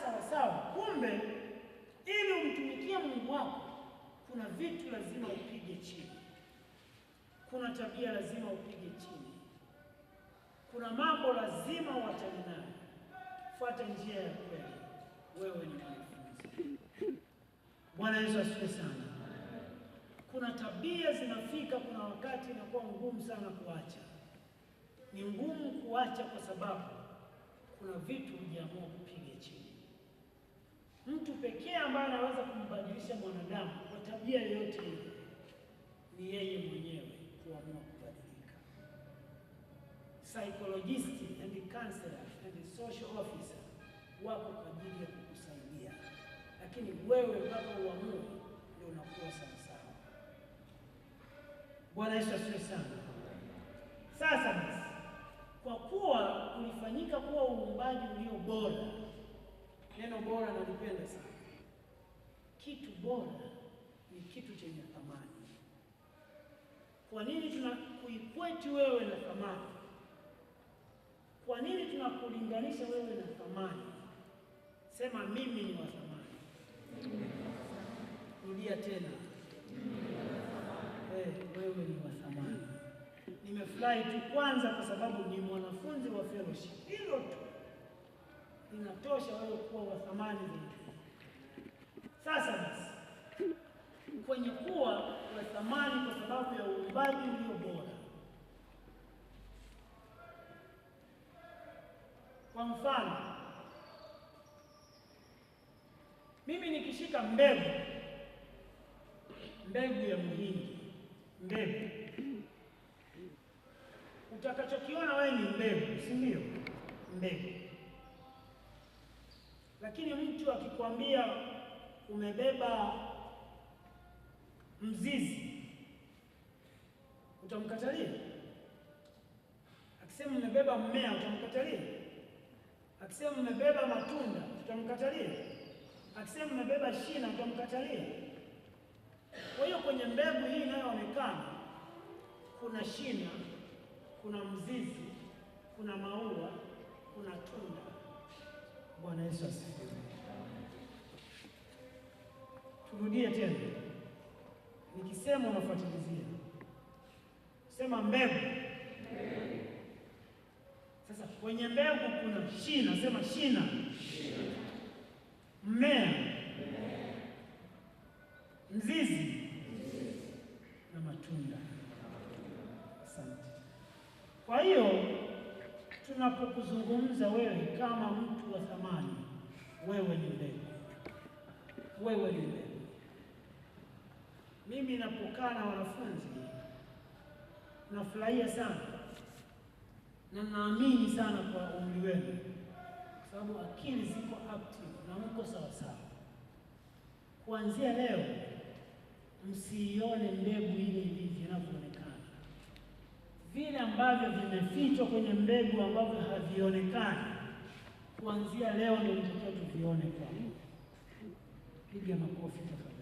sawa sawa Kumbe ili umtumikie Mungu wako, kuna vitu lazima upige chini, kuna tabia lazima upige chini, kuna mambo lazima uachane nayo. Fuata njia ya kweli, wewe ni mwanafunzi. Bwana Yesu asifiwe sana. Kuna tabia zinafika, kuna wakati inakuwa ngumu sana kuacha. Ni ngumu kuacha kwa sababu kuna vitu hujaamua kupiga chini. Mtu pekee ambaye anaweza kumbadilisha mwanadamu kwa tabia yoyote ile ni yeye mwenyewe kuamua kubadilika. Psychologist and counselor and social officer wako kwa ajili ya kukusaidia, lakini wewe mpaka uamue, ndio unakuwa sana Bwana Yesu asifiwe sana. Sasa basi, kwa kuwa ulifanyika kuwa uumbaji ulio bora bora nalipenda sana. Kitu bora ni kitu chenye thamani. Kwa nini tunakuikweti wewe na thamani? Kwa nini tunakulinganisha wewe na thamani? Sema mimi ni wa thamani. Rudia tena, eh, wewe ni wa thamani. Nimefurahi tu kwanza, kwa sababu ni mwanafunzi wa fellowship, hilo tu inatosha wewe kuwa wa thamani zaidi. Sasa basi kwenye kuwa wa thamani kwa sababu ya uumbaji ulio bora, kwa mfano mimi nikishika mbegu, mbegu ya mhindi, mbegu utakachokiona wewe ni mbegu, si ndio? Mbegu lakini mtu akikwambia umebeba mzizi, utamkatalia? Akisema umebeba mmea, utamkatalia? Akisema umebeba matunda, utamkatalia? Akisema umebeba shina, utamkatalia? Kwa hiyo kwenye mbegu hii inayoonekana kuna shina, kuna mzizi, kuna maua, kuna tunda Bwana Yesu asifiwe. Turudie tena, nikisema unafuatilizia, sema mbegu. Sasa kwenye mbegu kuna shina, sema shina, mmea, mzizi na matunda. Asante. Kwa hiyo tunapokuzungumza wewe kama mtu wa thamani, wewe ni mbegu, wewe ni mbegu. Mimi napokaa na wanafunzi nafurahia sana na naamini sana kwa umri wenu, kwa sababu akili ziko active na mko sawasawa. Kuanzia leo, msiione mbegu ili ilivyo inavyoonekana vile ambavyo vimefichwa kwenye mbegu ambavyo havionekani, kuanzia leo ndio tutakiwa tuvione. Kwa piga makofi tafadhali.